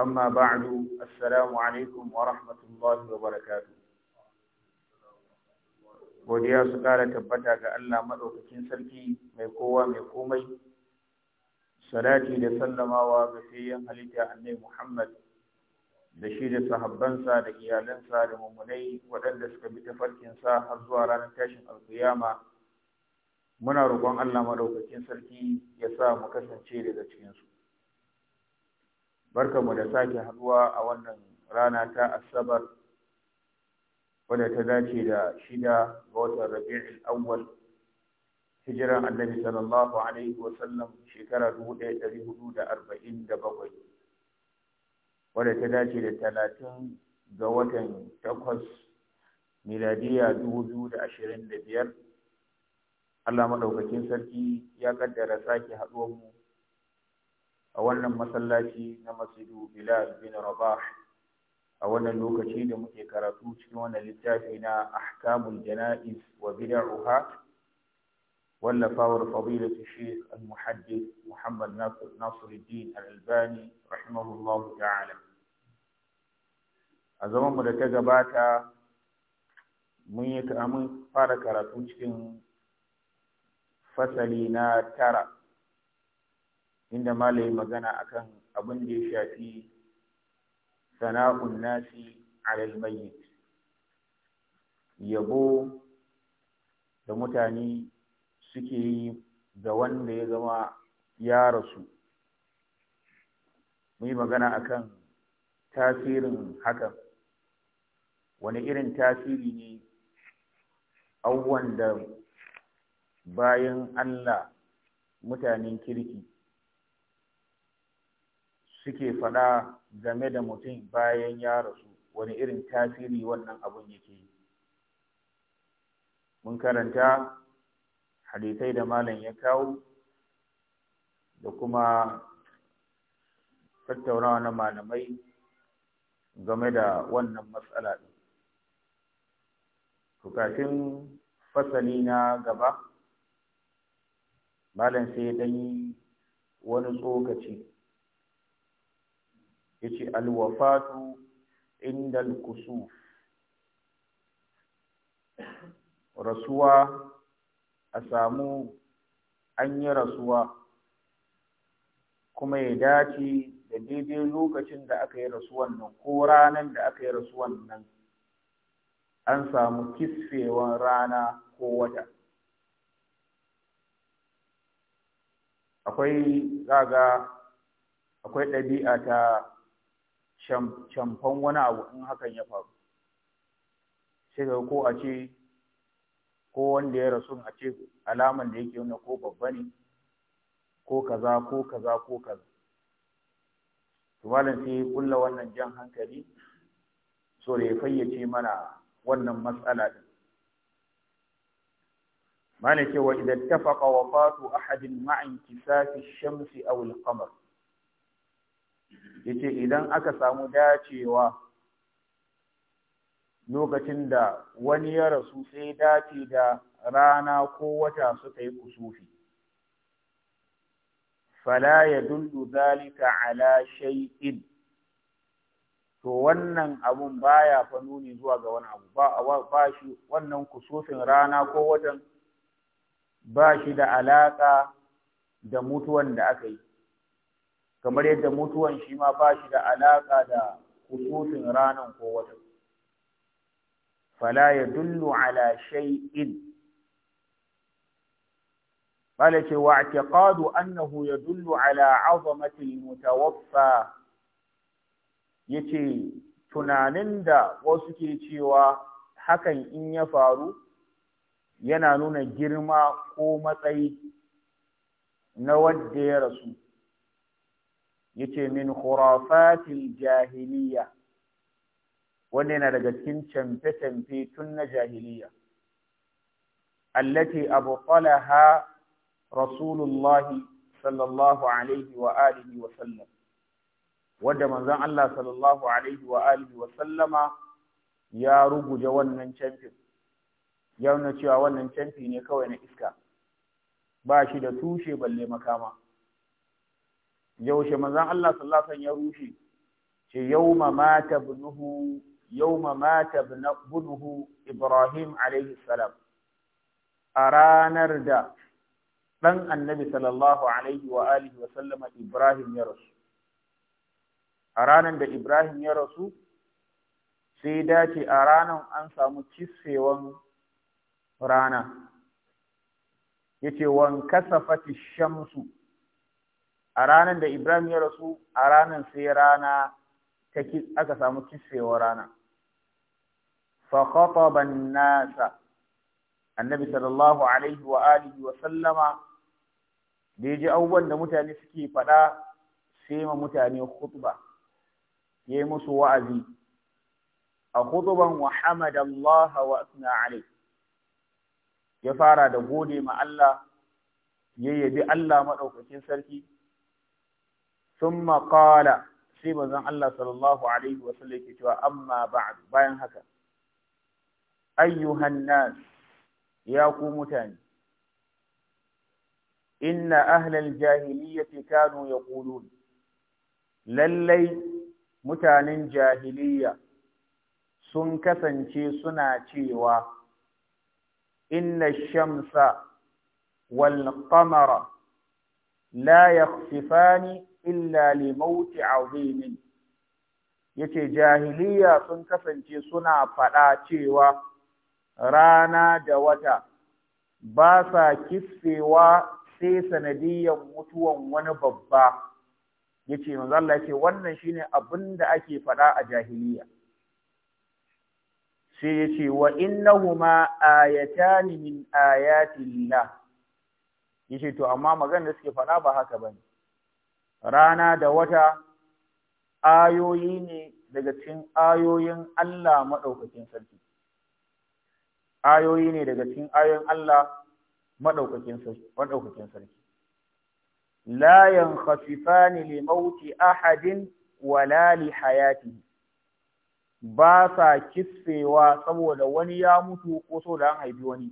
أما بعد السلام alaikum wa الله wa barakatu. Godiya su ƙara tabbata ga Allah maɗaukakin sarki mai kowa mai komai, salati da sallamawa ga fiyayyen halitta annai Muhammad da shi da sahabbansa da iyalansa da mummunai waɗanda suka bi tafarkinsa har zuwa ranar tashin alkiyama muna roƙon Allah maɗaukacin sarki ya sa mu kasance daga cikinsu. barkanmu da sake haduwa a wannan rana ta asabar wadda ta dace da shida ga watan rabi'ul awwal hijiran annabi sallallahu alaihi wa sallam shekara 1447 wadda ta dace da talatin ga watan takwas miladiya 2025 Allah madaukakin sarki ya kaddara sake haduwar mu a wannan masallaci na masjidu Bilal bin Rabah a wannan lokaci da muke karatu cikin wannan littafi na Ahkamul Jana'iz wa Bid'uha wallafawar fadilatu Sheikh Al-Muhaddith Muhammad Nasiruddin Al-Albani rahimahullahu ta'ala a zaman mu da ta gabata mun yi mun fara karatu cikin fasali na tara inda malai magana akan abin da ya shafi sana'un nasi alal yabo da mutane suke yi ga wanda ya zama ya rasu mu yi magana akan tasirin hakan wani irin tasiri ne abubuwan da bayan Allah mutanen kirki suke faɗa game da mutum bayan ya rasu wani irin tasiri wannan abun yake yi mun karanta hadisai da malam ya kawo da kuma tattaunawa na malamai game da wannan matsala ɗin kafin fasali na gaba malam sai dan yi wani tsokaci yace alwafatu inda alkusuf rasuwa a samu an yi rasuwa kuma ya dace da daidai lokacin da aka yi rasuwan nan ko ranar da aka yi rasuwan nan an samu kisfewan rana ko wata akwai zaga akwai ɗabi'a ta camfan wani abu in hakan ya faru sai ga ko a ce ko wanda ya rasu a ce alaman da yake wani ko babba ne ko kaza ko kaza ko kaza su malam sai kulla wannan jan hankali so da ya fayyace mana wannan matsala din malam ce wa idan tafaqa wafatu ahadin ma'in kisafi shamsi aw al-qamar yace idan aka samu dacewa lokacin da wani ya rasu sai dace da rana ko wata suka yi kusufi fala yadullu zalika ala shay'in to wannan abun baya fa nuni zuwa ga wani abu ba ba shi wannan kusufin rana ko watan ba shi da alaka da mutuwan da aka yi kamar yadda mutuwan shi ma ba shi da alaƙa da kususin ranan ko watan fala ya dullu ala shay'in قال annahu ya يدل على عظمة المتوفى yace tunanin da wasu ke cewa hakan in ya faru yana nuna girma ko matsayi na wadda ya rasu yace min khurafatil jahiliya wanda yana daga cikin canfe-canfe tun na jahiliya allati abtalaha rasulullahi sallallahu alaihi wa alihi wa sallam wanda manzon Allah sallallahu alaihi wa alihi wa sallama ya ruguje wannan camfe ya nuna cewa wannan camfe ne kawai na iska ba shi da tushe balle makama yaushe manzon Allah sallallahu alaihi wasallam ya rushe ce ma mata ibnuhu yauma mata bunuhu Ibrahim alaihi salam a ranar da dan annabi sallallahu alaihi wa alihi wa sallama Ibrahim ya rasu a ranar da Ibrahim ya rasu sai dace a ranar an samu cisewan rana yace wan kasafati shamsu a ranar da Ibrahim ya rasu a ranar sai rana ta aka samu kisfewa rana fa khataba nasa annabi sallallahu alaihi wa alihi wa sallama da ji abubuwan da mutane suke faɗa sai ma mutane khutba yayi musu wa'azi a khutban wa hamada wa alaihi ya fara da gode ma Allah ya yabi Allah madaukakin sarki ثم قال sai bazan Allah sallallahu alaihi wasallam yake cewa amma ba'd bayan haka ayyuhan nas ya ku mutane inna ahlal jahiliyyati kanu yaqulun lallai mutanen jahiliya sun kasance suna cewa inna shamsa wal qamara la illa li mauti azimin yace jahiliya sun kasance suna faɗa cewa rana da wata ba sa kissewa sai sanadiyyar mutuwan wani babba yace manzo Allah yace wannan shine abin da ake faɗa a jahiliya sai yace wa innahuma ayatan min ayatillah yace to amma magana da suke faɗa ba haka bane rana da wata ayoyi ne daga cikin ayoyin Allah maɗaukakin sarki ayoyi ne daga cikin ayoyin Allah maɗaukakin sarki maɗaukakin sarki la yankhasifani li mauti ahadin wala li ba sa kisfewa saboda wani ya mutu ko so da an haifi wani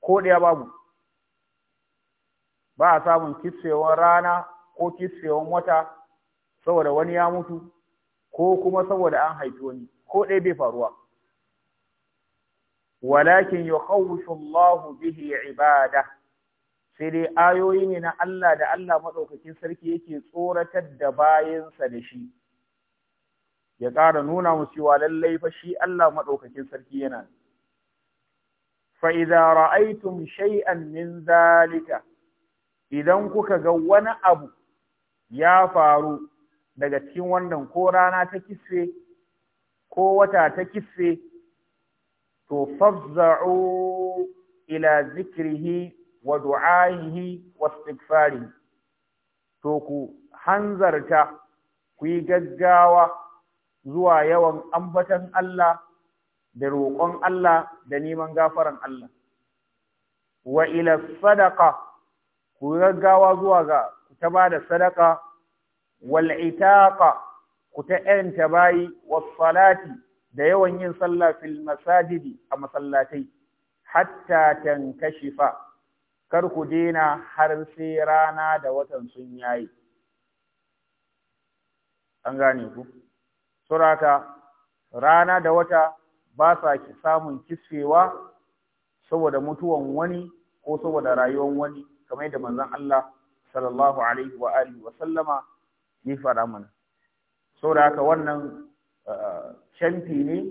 ko ɗaya babu ba a samun kisfewar rana ko kiskewan wata saboda wani ya mutu ko kuma saboda an haifi wani ko ɗaya bai faruwa walakin yukhawwishu Allahu bihi ibada sai dai ayoyi ne na Allah da Allah maɗaukakin sarki yake tsoratar da bayansa da shi ya ƙara nuna musu cewa lallai fa shi Allah maɗaukakin sarki yana fa idza ra'aytum shay'an min zalika idan kuka ga wani abu ya faru daga cikin wannan ko rana ta kisse ko wata ta kisse to fafza'u ila zikrihi wa du'ahihi wa istighfarihi to ku hanzarta ku yi gaggawa zuwa yawan ambatan Allah da roƙon Allah da neman gafaran Allah wa ila sadaqa ku gaggawa zuwa ga ta ba da sadaka wal itaqa ku ta ƴanta bayi was salati da yawan yin sallah fil masajidi a masallatai hatta tankashifa kar ku dena har sai rana da watan sun yayi an gane ku suraka rana da wata ba sa samun kisfewa saboda mutuwan wani ko saboda rayuwan wani kamar da manzon Allah sallallahu alaihi wa alihi wa sallama ya faɗa mana saboda haka wannan canfi eh, ne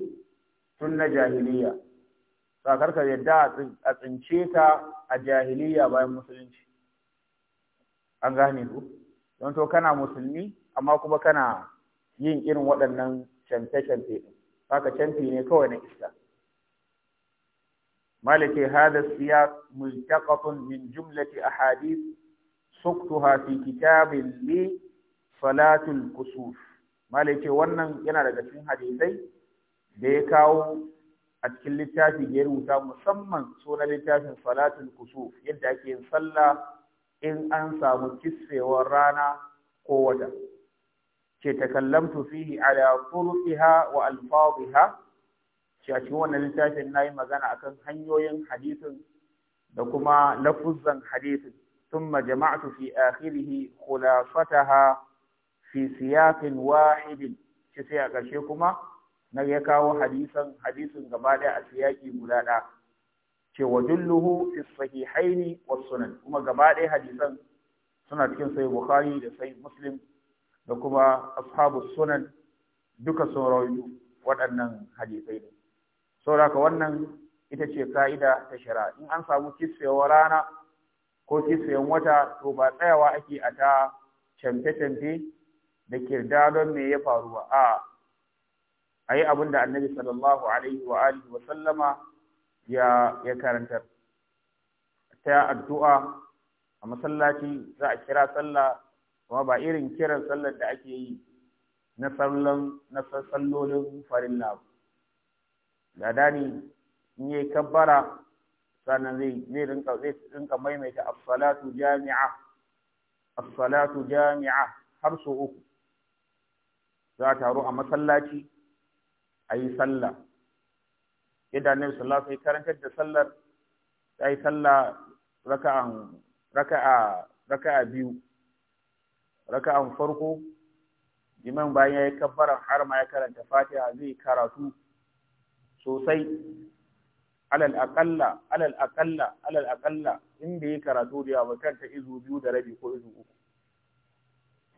tun na jahiliya sakarka yadda a tsince ka a jahiliya bayan musulunci an gane ku don to kana musulmi amma kuma kana yin irin waɗannan canfe-canfe ɗin haka canfi ne kawai na iska malike hada siyak multaqatun min jumlati ahadith suktuha fi kitabin li salatul kusuf malai ce wannan yana daga cikin hadisai da ya kawo a cikin littafi da ya rubuta musamman sunan littafin salatul kusuf yadda ake yin sallah in an samu kisfewar rana ko wata ke takallamtu fihi ala turuqiha wa alfadhiha shi a cikin wannan littafin nayi magana akan hanyoyin hadisin da kuma lafuzan hadisin ثم جمعت في آخره خلاصتها في سياق واحد شسيا قشيكما نجيكاو حديثا حديث قبالة أسياكي ملالا وجله في الصحيحين والسنن كما قبالة حديثا سنة كن سي بخاري لسي مسلم لكما أصحاب السنن duka saurayu waɗannan hadisai ne. Sauraka wannan ita ce ka'ida ta shari'a in an samu kisfewar rana ko kisiyan wata to ba tsayawa ake a ta camfe-camfe da kirda don me ya faru a a yi abin annabi sallallahu alaihi wa alihi wa sallama ya ya karanta ta addu'a a masallaci za a kira sallah kuma ba irin kiran sallar da ake yi na sallan na sallolin farin ba da dani in yi kabbara sannan zai zai rinka zai rinka maimaita as-salatu jami'a as-salatu jami'a har su uku za a taru a masallaci ayi yi sallah yadda annabi sallallahu alaihi karantar da sallar sai yi sallah raka'an raka'a raka'a biyu raka'an farko imam bayan ya yi har ma ya karanta fatiha zai karatu sosai alal aƙalla alal aƙalla alal aƙalla in bai karatu da yawa kanta izu biyu da rabi ko izu uku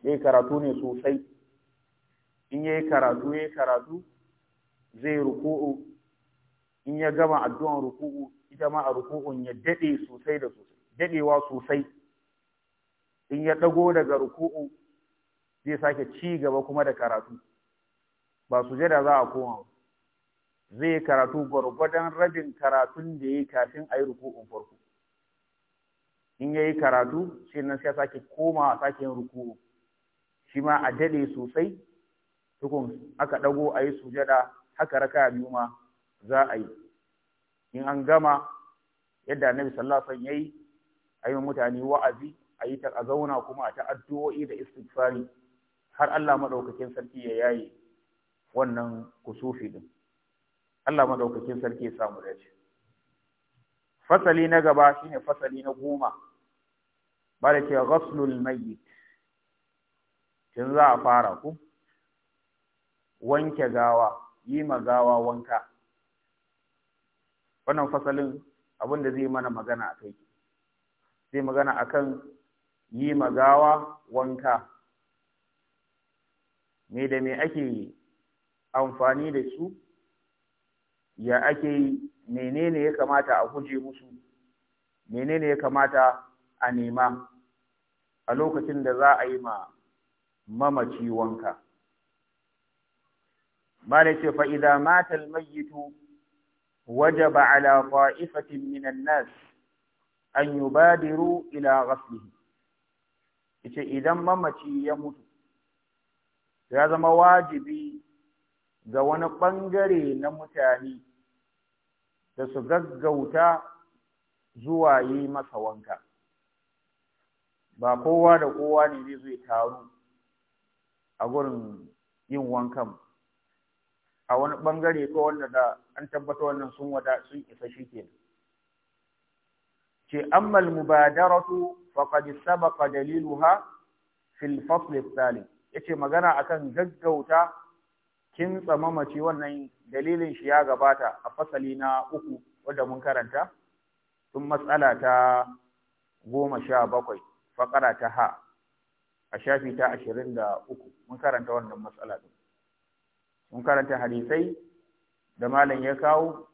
yayi karatu ne sosai in yayi karatu yayi karatu zai ruku'u in ya gama addu'an ruku'u ita ma a ruku'un ya dade sosai da sosai dadewa sosai in ya dago daga ruku'u zai sake ci gaba kuma da karatu ba da za a koma ba zai yi karatu gwargwadon rabin karatun da ya yi kafin a yi ruku'un farko in ya yi karatu shi nan sai sake a sake yin ruku'u shi ma a daɗe sosai tukun aka ɗago a yi sujada haka raka biyu ma za a yi in an gama yadda annabi sallallahu alaihi wasallam a yi mutane wa'azi ayi ta zauna kuma a ta'addu'o'i da istighfari har Allah madaukakin sarki ya yaye wannan kusufi din Allah madaukakin sarki ya samu dace fasali na gaba shine fasali na goma ba da ce ghaslul mayyit kin za a fara ku wanke gawa yi ma wanka wannan fasalin abin da zai mana magana a kai zai magana akan yi ma gawa wanka me da me ake amfani da su ya ake yi menene ya kamata a guje musu menene ya kamata a nema a lokacin da za a yi ma mamaci wanka mala ce fa idza mata almayyitu wajaba ala qa'ifatin min an an yubadiru ila ghaslihi ita idan mamaci ya mutu ya zama wajibi ga wani ɓangare na mutane da su gaggauta zuwa yi masa wanka. Ba kowa da kowa ne zai zai taru a gurin yin wankan a wani ɓangare ko wanda da an tabbata wannan sun wada sun isa shi ke. Ce, ammal mubadaratu faqad sabaqa daliluha fil fasl Ya yace magana akan gaggauta kin mamaci wannan dalilin shi ya gabata a fasali na uku wadda mun karanta sun matsala ta goma sha bakwai faƙara ta ha a shafi ta ashirin da uku mun karanta wannan matsala ɗin mun karanta hadisai da malam ya kawo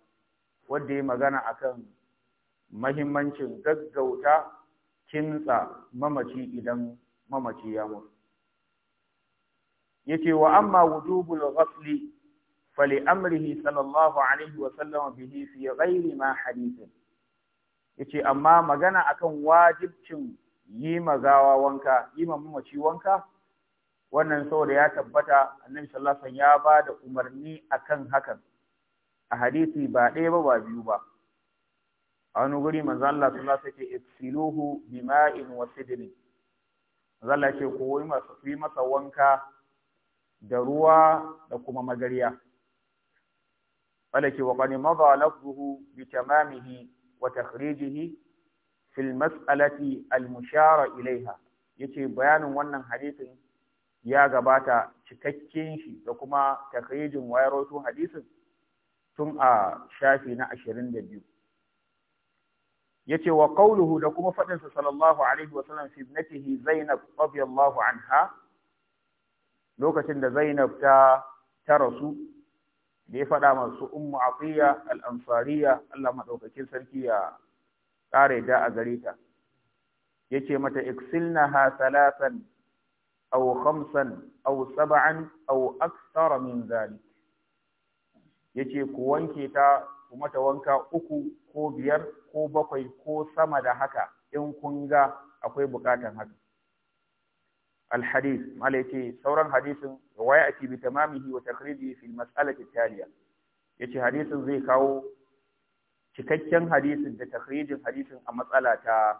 wadda ya magana akan mahimmancin gaggauta kintsa mamaci idan mamaci ya mutu yace wa amma wujubul ghasli fali amrihi sallallahu alaihi wa sallam bihi fi ghairi ma hadithin yace amma magana akan wajibcin yi magawa wanka yi ma mamaci wanka wannan saboda ya tabbata annabi sallallahu alaihi ya ba da umarni akan hakan a hadisi ba ɗaya ba ba biyu ba a wani guri manzo Allah sallallahu alaihi wasallam ifsiluhu bima'in wa sidrin manzo Allah ce masa yi masa wanka da ruwa da kuma magariya falaki wa qad madha lafzuhu bi tamamihi wa takhrijihi fil mas'alati al mushara ilaiha yace bayanin wannan hadisin ya gabata cikakken shi da kuma takhrijin wayarotu hadisin tun a shafi na 22 yace wa qawluhu da kuma fadin sa sallallahu alaihi wa sallam fi ibnatihi zainab radiyallahu anha lokacin da Zainab ta ta rasu da ya faɗa masu ummu afiya al'amfariya Allah maɗaukakin sarki ya ƙare da a gare ta ya mata iksilna ha salasan au khamsan au sab'an au akthar min zalik ya ku wanke ta ku mata wanka uku ko biyar ko bakwai ko sama da haka in kun ga akwai bukatan haka الحديث ما ليتي سورا حديث ويأتي بتمامه وتخريجه في المسألة التالية يتي hadisin zai kawo cikakken hadisin da takhrijin hadisin a matsala ta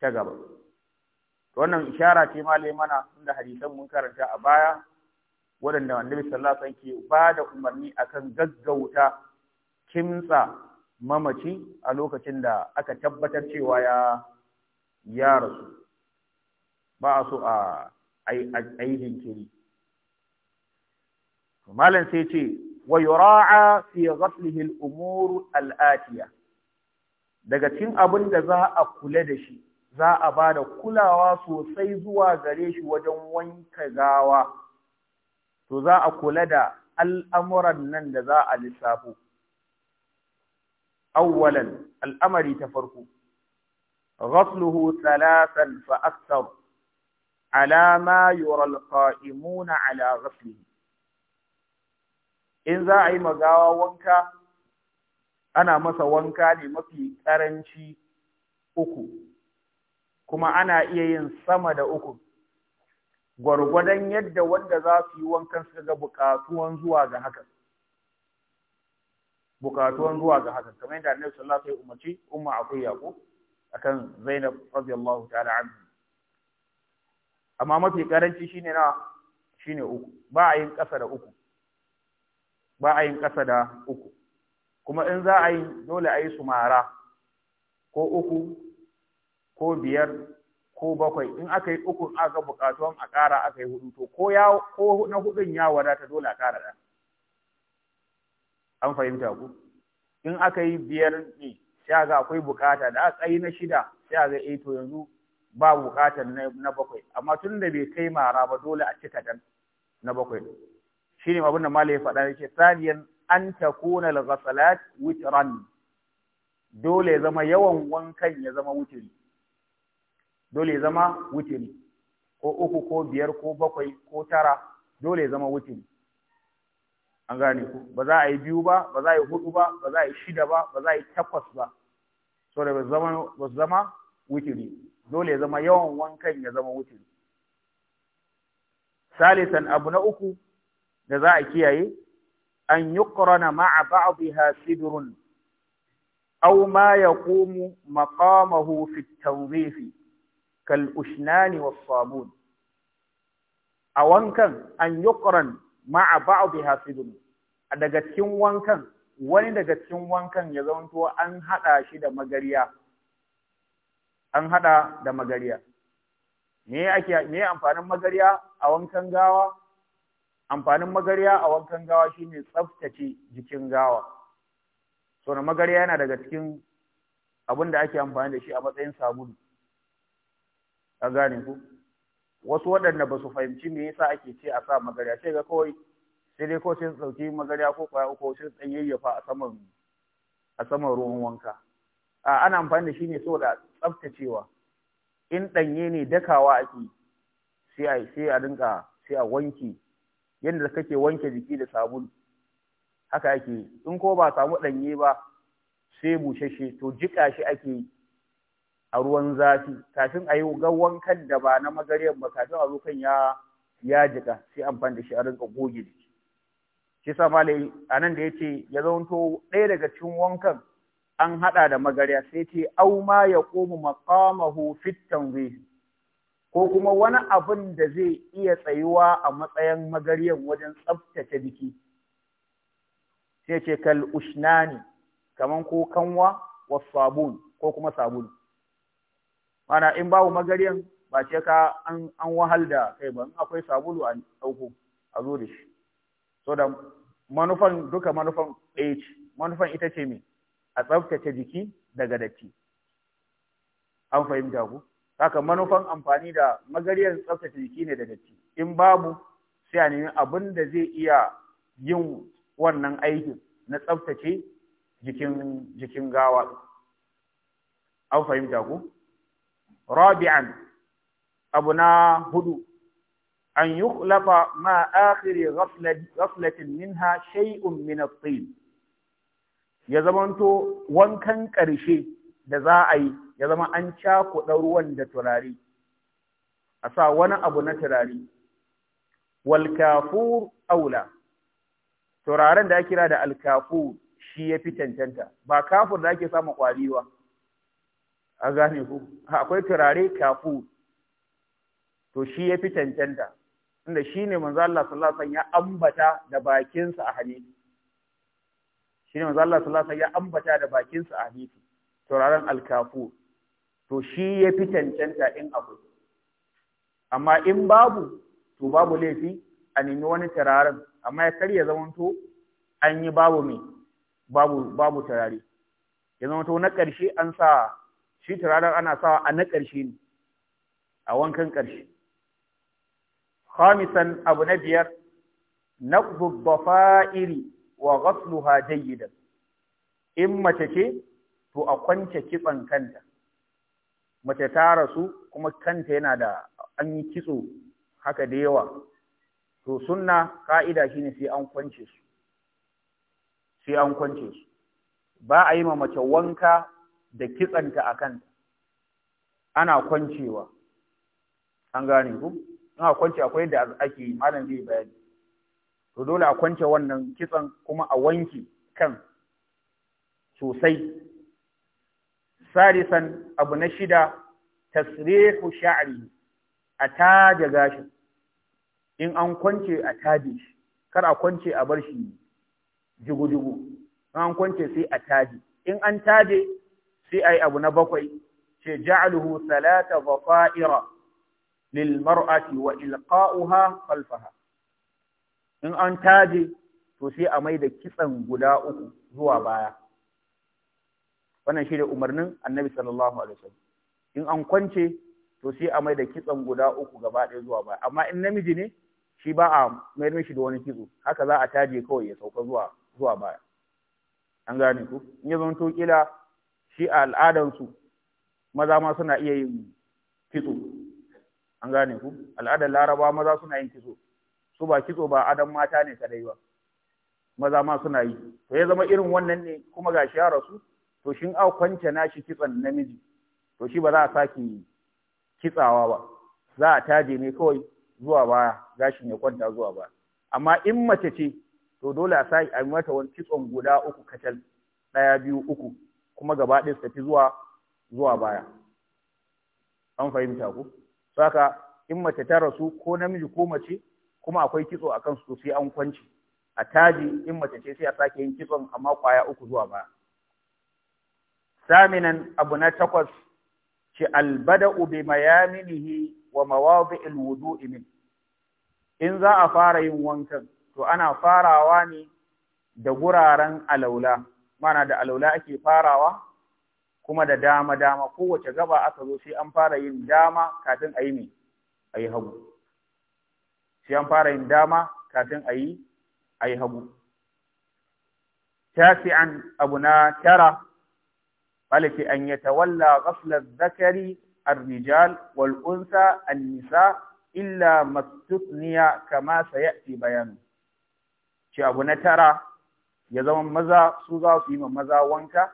ta gaba wannan ishara ce malai mana inda hadisan mun karanta a baya waɗanda annabi sallallahu alaihi wasallam ke ba da umarni akan gaggauta kimtsa mamaci a lokacin da aka tabbatar cewa ya rasu ba a so a yi jinkiri malam sai ce wa yura'a fi ghaflihi al-umur daga cikin abin da za a kula da shi za a ba da kulawa sosai zuwa gare shi wajen wanka gawa to za a kula da al'amuran nan da za a lissafo awwalan al'amari ta farko ghafluhu thalathan fa ala ma yural qa'imuna ala ghaslihi in za a yi magawa wanka ana masa wanka ne mafi ƙaranci uku kuma ana iya yin sama da uku gwargwadon yadda wanda za su yi wankan suka ga bukatuwan zuwa ga haka bukatuwan zuwa ga haka kamar yadda Annabi sallallahu alaihi wasallam ya umarci umma akwai yaqo akan Zainab radiyallahu ta'ala anha amma mafi karanci shine na shine uku ba a yin ƙasa da uku ba a yin ƙasa da uku kuma in za a yi dole a yi su mara ko uku ko biyar ko bakwai in aka yi uku aka bukatu a ƙara aka yi hudu to ko ya ko na hudun ya wadata dole a ƙara da an fahimta ku in aka yi biyar ne sai ga akwai bukata da aka yi na shida sai ga eh to yanzu ba buƙatar na bakwai amma tun da bai kai mara ba dole a cika dan na bakwai shine abin da malai ya faɗa yake saniyan an takuna al-ghasalat witran dole ya zama yawan wankan ya zama wutiri dole ya zama wutiri ko uku ko biyar ko bakwai ko tara dole ya zama wutiri an gane ku ba za a yi biyu ba ba za a yi hudu ba ba za a yi shida ba ba za a yi takwas ba so da ba zama wutiri dole ya zama yawan wankan ya zama wuce salisan abu na uku da za a kiyaye an yuqrana ma'a ha ya au ma ya maqamahu fi fitan tanzif kal ushnani wa sabon. a wankan an yuqran ma'a sidurun, A daga cikin wankan wani daga cikin wankan ya zama to an haɗa shi da magariya an haɗa da magariya me ake me amfanin magariya a wankan gawa amfanin magariya a wankan gawa shine tsaftace jikin gawa so na magariya yana daga cikin abin da ake amfani da shi a matsayin sabulu ka gane ku wasu waɗanda ba su fahimci me yasa ake ce a sa magariya sai ga kawai sai dai ko sai su ɗauki magariya ko kwaya uku sai su ɗan yayyafa a saman a saman ruwan wanka a ana amfani da shi ne saboda tsaftacewa in ɗanye ne dakawa ake sai a rinka sai a wanke yadda kake wanke jiki da sabulu haka ake in ko ba samu ɗanye ba sai bushashe to jika shi ake a ruwan zafi kafin a yi ga wankan da ba na magariyar ba kafin a zo kan ya ya jika sai amfani da shi a rinka goge jiki shi sa malai nan da yace ya zaunto ɗaya daga cikin wankan an haɗa da magarya sai ce au ma ya komu maƙamahu fitan ko kuma wani abin da zai iya tsayuwa a matsayin magaryan wajen tsaftace biki sai ce kal ushnani kaman ko kanwa wa sabun ko kuma sabulu mana in babu magaryan ba ce ka an wahal da kai ba akwai sabulu a ɗauko a zo da shi so da manufan duka manufan ɗaya manufan ita ce mai a tsaftace jiki daga datti an fahimta ku haka manufan amfani da magariyar tsaftace jiki ne da datti in babu sai a nemi abin da zai iya yin wannan aikin na tsaftace jikin jikin gawa an fahimta ku rabi'an abu na hudu an yukhlafa ma akhiri ghaflatin minha shay'un min at-tin ya zamanto wankan ƙarshe da za a yi ya zama an cakuɗa ruwan da turare a sa wani abu na turare walkafur aula turaren da ya kira da alkafur shi ya fi cancanta ba kafur da ake samu ƙwari ba a gane ku akwai turare kafur to shi ya fi cancanta inda shi ne manzo Allah sallallahu alaihi wasallam ya ambata da bakinsa a hadisi shi ne Allah sallallahu alaihi wasallam ya ambata da bakin sa hadisi turaren alkafu to shi ya fi cancanta in akwai amma in babu to babu laifi a nemi wani turaren amma ya karya zamanto an yi babu mai babu babu turare ya zamanto na ƙarshe an sa shi turaren ana sawa a na ƙarshe ne a wankan ƙarshe khamisan abu na biyar naqdu dhafa'iri wa ghasluha jayyidan in mace ce to a kwance kitsan kanta mace ta rasu kuma kanta yana da an yi kitso haka da yawa to sunna ka'ida shine sai an kwance su sai an kwance su ba a yi ma mace wanka da kitsanta a kanta ana kwancewa an gane ku ina kwance akwai da ake yi malam zai bayani to dole a kwance wannan kitsan kuma a wanke kan sosai salisan abu na shida tasrihu sha'ari a taje gashin in an kwance a taje shi kar a kwance a bar shi jugu-jugu in an kwance sai a taje in an taje sai ai abu na bakwai ce ja'aluhu salata dhafa'ira lil mar'ati wa ilqa'uha falfaha in an taje to sai a mai da kitsan guda uku zuwa baya wannan shi da umarnin annabi sallallahu alaihi wasallam in an kwance to sai a mai da kitsan guda uku gaba ɗaya zuwa baya amma in namiji ne shi ba a mayar mishi da wani kitso haka za a taje kawai ya sauka zuwa zuwa baya an gane ku in ya zanto kila shi a al'adansu maza ma suna iya yin kitso an gane ku al'adar laraba maza suna yin kitso su ba kitso ba adon mata ne kadai ba maza ma suna yi to ya zama irin wannan ne kuma gashi ya rasu to shin au kwance shi kitson namiji to shi ba za a sake kitsawa ba za a taje ne kawai zuwa baya gashin ya kwanta zuwa baya amma in mace ce to dole a saki, a mata wani kitson guda uku kacal ɗaya biyu uku kuma gaba ɗaya su tafi zuwa zuwa baya an fahimta ku saka in mace ta rasu ko namiji ko mace kuma akwai kitso a kansu sai an kwanci a taji in mace ce sai a sake yin kitson amma kwaya uku zuwa ba saminan abu na takwas ci albada'u bi mayaminihi wa mawadi'il wudu'i min in za a fara yin wankan to ana farawa ne da guraren alaula mana da alaula ake farawa kuma da dama dama kowace gaba aka zo sai an fara yin dama kafin a yi mai a yi hagu sai an fara yin dama kafin a yi a yi hagu Tafi'an abu na tara malaki an tawalla ghafla zakari الرجال والأنثى illa إلا kama sa ya fi بيانه shi abu na tara ya zama maza su za su yi ma maza wanka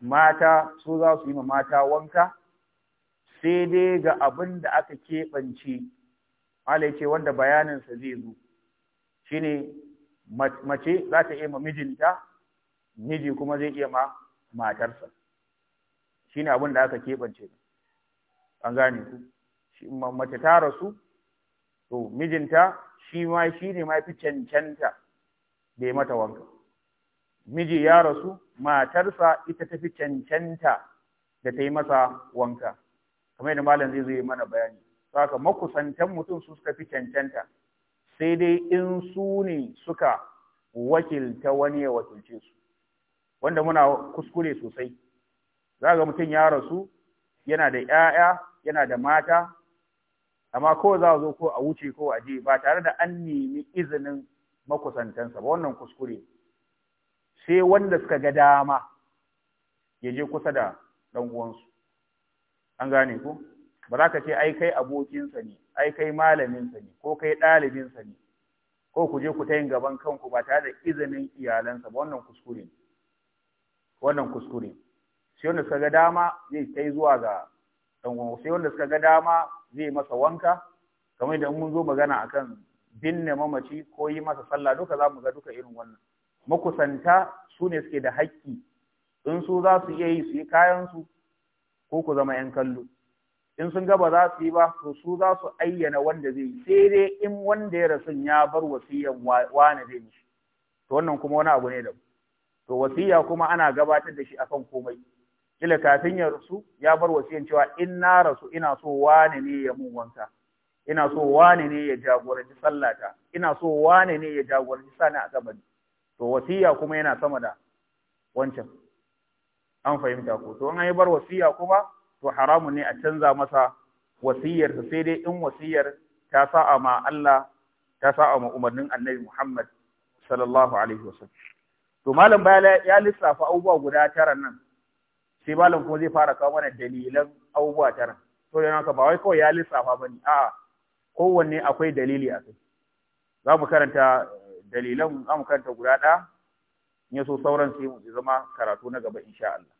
mata su za su yi ma mata wanka sai dai ga abin da aka keɓance Allah ya ce wanda bayaninsa zai zo shine mace za ta iya ma mijinta miji kuma zai iya ma matarsa shine abin da aka keɓance an gane ku mace ta rasu to mijinta shi ma shi ne ma fi cancanta da ya mata wanka miji ya rasu matarsa ita ta fi cancanta da ta yi masa wanka kamar yadda malam zai zo yi mana bayani Saka makusantan mutum su suka fi cancanta, sai dai in su ne suka wakilta wani ya wakilce su, wanda muna kuskure sosai. Za ga mutum ya rasu, yana da ‘ya'ya, yana da mata, amma ko za a zo ko a wuce ko a je ba tare da an nemi izinin makusantansa ba wannan kuskure. Sai wanda suka ga dama ya je kusa da ɗan uwansu. An gane ko ba za ka ce ai kai abokinsa ne ai kai malaminsa ne ko kai ɗalibinsa ne ko ku je ku ta yin gaban kanku ba tare da izinin iyalansa ba wannan kuskure wannan kuskure sai wanda suka ga dama zai kai zuwa ga ɗan sai wanda suka ga dama zai masa wanka kamar idan mun zo magana akan binne mamaci ko yi masa sallah duka za mu ga duka irin wannan makusanta su ne suke da hakki. in su za su iya yi su yi kayansu ko ku zama 'yan kallo in sun ga ba za su yi ba to su za su ayyana wanda zai yi sai dai in wanda ya rasu ya bar wasiyan wani zai mishi to wannan kuma wani abu ne da to wasiya kuma ana gabatar da shi akan komai kila kafin ya rasu ya bar wasiyan cewa in na rasu ina so wani ne ya mun wanka ina so wani ne ya jagoranci sallata ina so wani ne ya jagoranci sani a kabari to wasiya kuma yana sama da wancan an fahimta ko to an yi bar wasiya kuma to haramun ne a canza masa wasiyar sai dai in wasiyar ta sa'a ma Allah ta sa'a ma umarnin Annabi Muhammad sallallahu alaihi wasallam to malam bala ya lissafa abubuwa guda tara nan sai malam kuma zai fara kawo mana dalilan abubuwa tara to yana ka ba wai kawai ya lissafa bane a kowanne akwai dalili a kai za mu karanta dalilan za mu karanta guda ɗaya in ya so sauran sai mu zama karatu na gaba insha Allah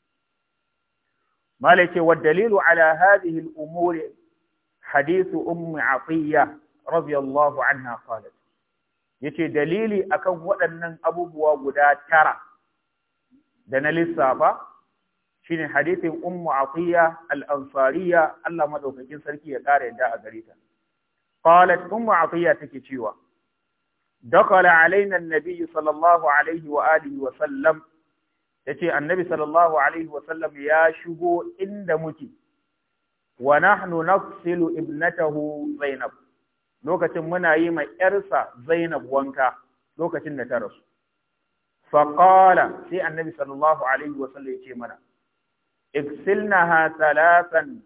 Malik ce wa dalilu ala hadhihi al-umuri hadithu ummi atiya radiyallahu anha qalat yace dalili akan waɗannan abubuwa guda tara da na lissafa shine hadisin ummu atiya al-ansariya Allah madaukakin sarki ya kare yadda a gare ta qalat ummu atiya take cewa dakala alaina an-nabi sallallahu alaihi wa alihi wa sallam yace annabi sallallahu alaihi wasallam ya shigo inda muke wa nahnu nafsilu ibnatahu zainab lokacin muna yi ma yarsa zainab wanka lokacin da ta rasu fa sai annabi sallallahu alaihi wasallam ce mana iksilnaha thalathan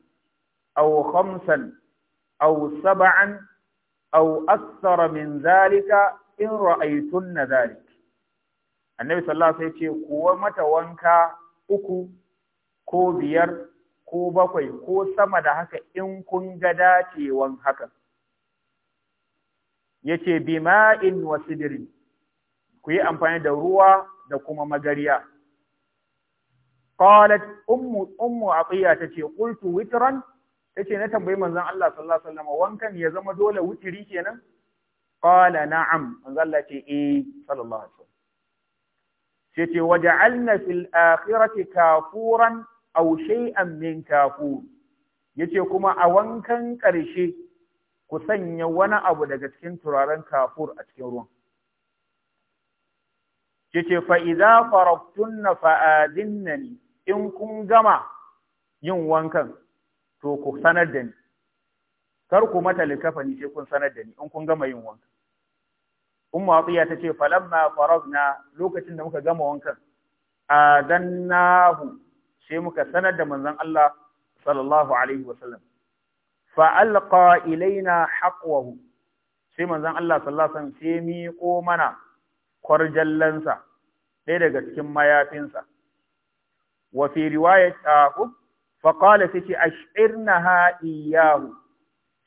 aw khamsan aw sab'an aw akthara min zalika in ra'aytunna dhalika annabi sallallahu alaihi wasallam ce kuwa mata wanka uku ko biyar ko bakwai ko sama da haka in kun ga dacewan haka yace bima'in wa sidrin ku yi amfani da ruwa da kuma magariya qalat ummu ummu atiya tace qultu witran yace na tambayi manzon Allah sallallahu alaihi wasallam wankan ya zama dole wutiri kenan qala na'am manzon Allah ce eh sallallahu alaihi Yace ce waja'alna fil akhirati kafuran aw shay'an min kafur yace kuma a wankan ƙarshe ku sanya wani abu daga cikin turaren kafur a cikin ruwan yace fa idza faraftunna fa'adinnani in kun gama yin wankan to ku sanar da ni kar ku mata likafani sai kun sanar da ni in kun gama yin wankan. ummu atiya tace falamma na lokacin da muka gama wankan adannahu sai muka sanar da manzon Allah sallallahu alaihi fa alqa ilaina haqwahu sai manzon Allah sallallahu alaihi sai miƙo mana kwarjallansa ɗaya daga cikin mayafinsa wa fi riwayat ah, fa qala fi ash'irnaha iyyahu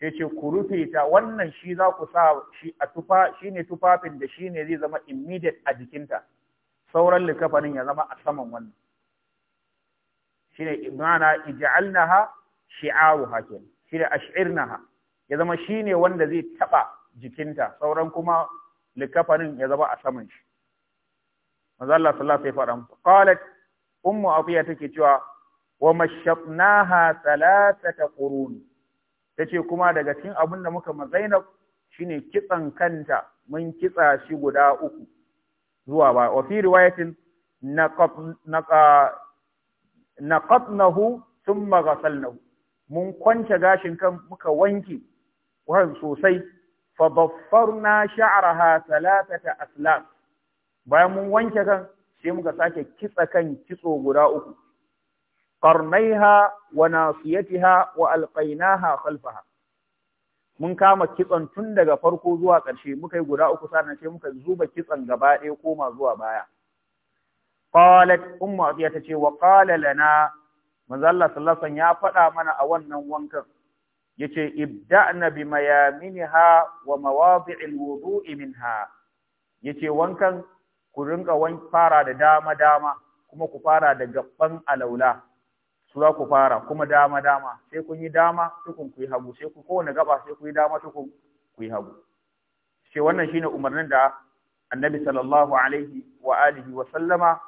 ya ce ku rufe ta wannan shi za ku sa shi a tufa ne tufafin da shi ne zai zama immediate a jikinta sauran likafanin ya zama a saman wannan shi ne imana ij'alnaha shi ne ash'irna ha ya zama shi ne wanda zai taba jikinta sauran kuma likafanin ya zama a saman shi mazalla sallallahu alaihi wasallam qalat ummu abiya take cewa wa mashatnaha thalathata qurun ta ce kuma daga cikin abin da muka ma Zainab shine kitsan kanta mun kitsa shi guda uku zuwa ba wa fi riwayatin naqatnahu thumma ghasalnahu mun kwance gashin kan muka wanke wurin sosai fa baffarna sha'raha thalathata aslas bayan mun wanke kan sai muka sake kitsa kan kitso guda uku qarnaiha wa nasiyatiha wa alfainaha khalfaha mun kama kitson tun daga farko zuwa ƙarshe muka yi guda uku sannan sai muka zuba kitson gaba ɗaya koma zuwa baya qalat ummu ta ce wa qala lana manzo Allah sallallahu alaihi ya faɗa mana a wannan wankan yace ibda'na bi mayaminha wa mawadi'il wudu'i minha yace wankan ku rinka wan fara da dama dama kuma ku fara da gabban alaula su za ku fara kuma dama dama sai kun yi dama tukun ku yi hagu sai ku kowane gaba sai ku yi dama tukun ku yi hagu Sai wannan shine umarnin da annabi sallallahu alaihi wa alihi wa sallama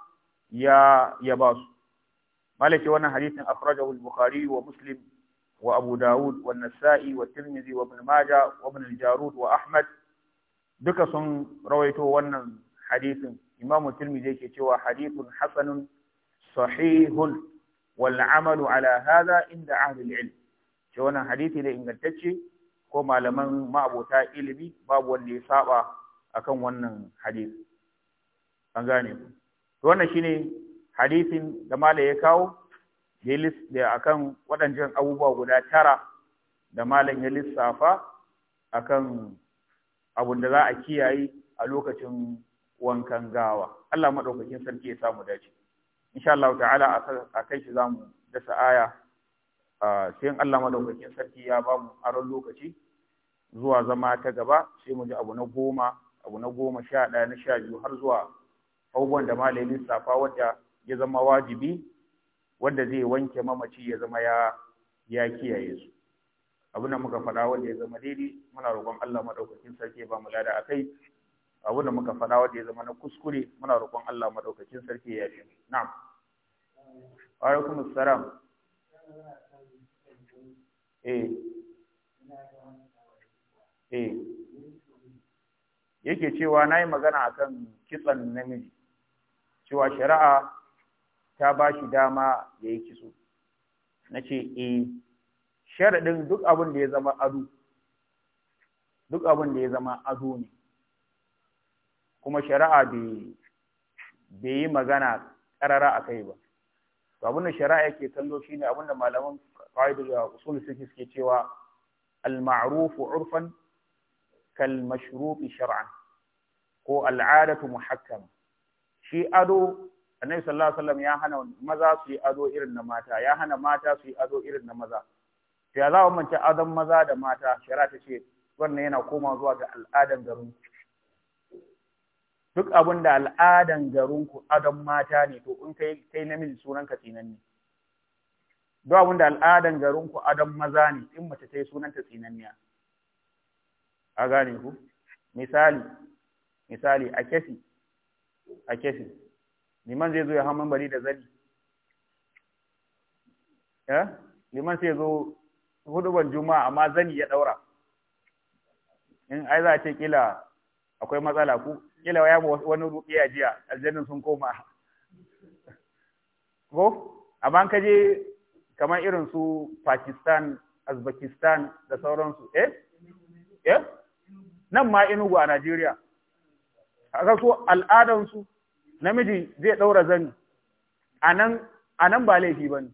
ya ya ba su malaki wannan hadisin akhrajahu al-bukhari wa muslim wa abu daud wa nasai wa tirmidhi wa ibn majah wa ibn al-jarud wa ahmad duka sun rawaito wannan hadisin imamu tirmidhi yake cewa hadithun hasanun sahihun wal amalu ala hadha inda ahli ilm ce wannan hadisi da ingantacce ko malaman ma'abota ilimi babu wanda ya saba akan wannan hadisi an gane ku to wannan shine hadisin da malai ya kawo da akan waɗancan abubuwa guda tara da malam ya lissafa akan abun da za a kiyaye a lokacin wankan gawa Allah madaukakin sarki ya samu dace insha Allah ta'ala a kai shi zamu dasa aya sai in Allah madaukakin sarki ya ba mu aron lokaci zuwa zama ta gaba sai mu ji abu na goma abu na goma sha ɗaya na sha biyu har zuwa abubuwan da malamin lissafa wadda ya zama wajibi wanda zai wanke mamaci ya zama ya ya kiyaye su abin da muka faɗa wanda ya zama daidai muna roƙon Allah madaukakin sarki ya ba mu lada akai abin da muka faɗa wanda ya zama na kuskure muna roƙon Allah madaukakin sarki ya yi. na'am wa alaikum assalam eh eh yake cewa nayi magana akan kitsan namiji cewa shari'a ta ba shi dama yayi kitso nace eh sharaɗin duk abin da ya zama ado duk abin da ya zama ado ne kuma shari'a bai yi magana karara a kai ba to abin da shari'a yake kallo shine abin da malaman qaida da usul fiqh suke cewa al ma'ruf urfan kal mashrub shar'an ko al adatu muhakkama shi ado annabi sallallahu alaihi wasallam ya hana maza su yi ado irin na mata ya hana mata su yi ado irin na maza to ya za mu manta adon maza da mata shari'a ta ce wannan yana koma zuwa ga al'adan garin duk abin da al'adan garinku adon mata ne to in kai kai namiji sunan ka tsinanne duk abin da al'adan garinku adon maza ne in mace ta yi sunan ta tsinanniya a gane ku misali misali a kefi a kefi liman zai zo ya hamman bari da zani ya liman sai zo huduban juma'a amma zani ya daura in ai za a ce kila akwai matsala ku kila ya ba wani ruɗi a jiya aljannin sun koma ko amma ka je kamar irin su Pakistan Uzbekistan da sauransu eh eh nan ma inugu a Najeriya kaga su al'adansu namiji zai ɗaura zani a nan ba laifi ba ne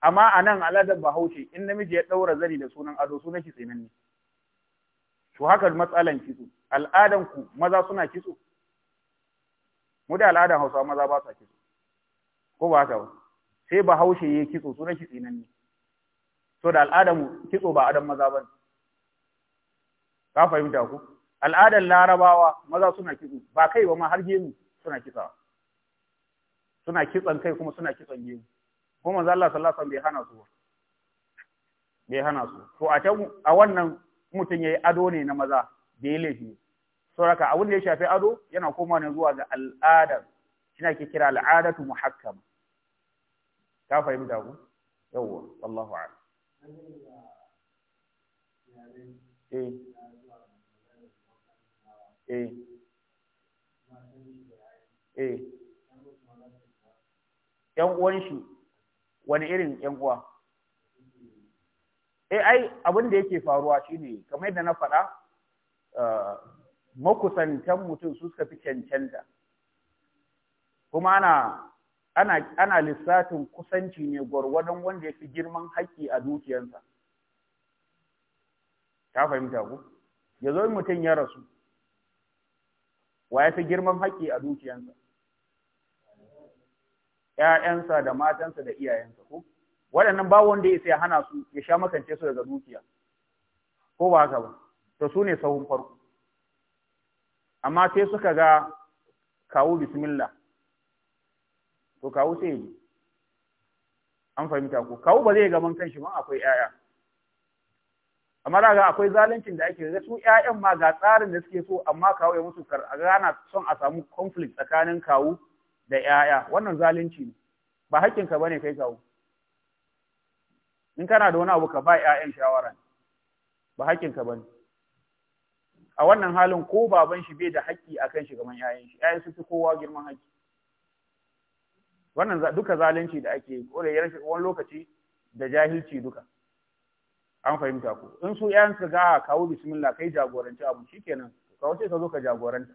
amma a nan al'adar bahaushe in namiji ya ɗaura zani da sunan ado sunan shi tsinan ne to haka matsalan kitso al'adan ku maza suna kitso mu da al'adan Hausawa maza ba sa kitso ko ba haka ba sai ba haushe yayi kitso sunan shi tsinan ne to da al'adan mu kitso ba adan maza ne? ka fahimta ku al'adan larabawa maza suna kitso ba kai ba ma har gemu suna kitsa. suna kitsan kai kuma suna kitsan gemu kuma manzo Allah sallallahu alaihi wasallam bai hana su bai hana su to a can a wannan mutum ya yi ado ne na maza da ya laifi sauraka abin da ya shafi ado yana koma ne zuwa ga al'adar shina ke kira al'adatu muhakkam. ka fahimta ku yawwa eh eh eh yan uwan shi wani irin yan uwa eh ai abin da yake faruwa shine kamar da na faɗa eh, makusantan mutum su suka fi cancanta kuma ana ana lissafin kusanci ne gwargwadon wanda ya fi girman haƙƙi a dukiyarsa ta fahimta ku ya zo mutum ya rasu wa ya fi girman haƙƙi a dukiyarsa ‘ya'yansa da matansa da iyayensa ko waɗannan ba wanda ya sai hana su ya sha makance su daga dukiya ko ba haka ba to su ne sahun farko amma sai suka ga kawo bismillah to kawo sai yi an fahimta ko kawo ba zai gaban kanshi ba akwai yaya amma daga akwai zaluncin da ake ga su yayan ma ga tsarin da suke so amma kawo ya musu kar ana son a samu conflict tsakanin kawo da yaya wannan zalunci ne ba hakkinka bane kai kawo in kana da wani abu ka ba ƴaƴan shawara ba haƙƙinka ka bane a wannan halin ko baban shi bai da haƙƙi akan shi gaban 'ya'yan shi ƴaƴan su fi kowa girman haƙƙi wannan duka zalunci da ake yi kore ya wani lokaci da jahilci duka an fahimta ku in su ƴaƴan su ga ah, kawo bismillah kai jagoranci abu shikenan ka wace ka zo ka jagoranta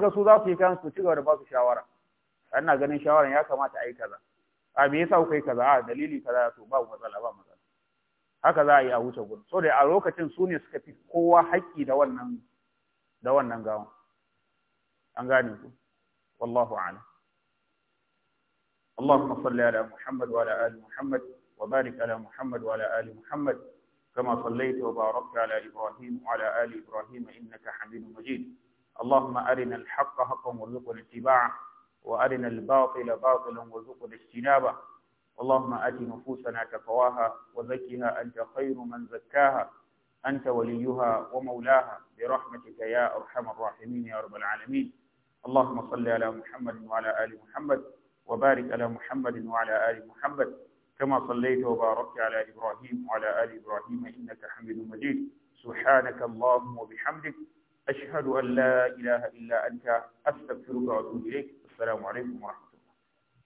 ka su za su yi kansu ci gaba da ba su shawara ana ganin shawaran ya kamata a yi kaza a me yasa kuka yi kaza a dalili kaza to ba matsala ba matsala haka za a yi a wuce gurin so da a lokacin su ne suka fi kowa haƙƙi da wannan da wannan gawan an gane ku wallahu a'lam اللهم صل على محمد وعلى آل محمد وبارك على محمد وعلى آل محمد كما صليت وباركت على إبراهيم وعلى آل إبراهيم إنك حميد مجيد اللهم أرنا الحق حقا وارزقنا اتباعه وأرنا الباطل باطلا وارزقنا اجتنابه اللهم آت نفوسنا تقواها وزكها أنت خير من زكاها أنت وليها ومولاها برحمتك يا أرحم الراحمين يا رب العالمين اللهم صل على محمد وعلى آل محمد وبارك على محمد وعلى آل محمد كما صليت وباركت على إبراهيم وعلى آل إبراهيم إنك حميد مجيد سبحانك اللهم وبحمدك أشهد أن لا إله إلا أنت أستغفرك وأتوب إليك 在那玩的不嘛？